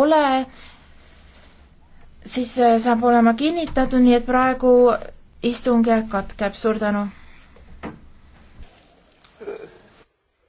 ole, siis eh, saab olema kinnitatud, nii et praegu istungjärk katkeb, suur tänu!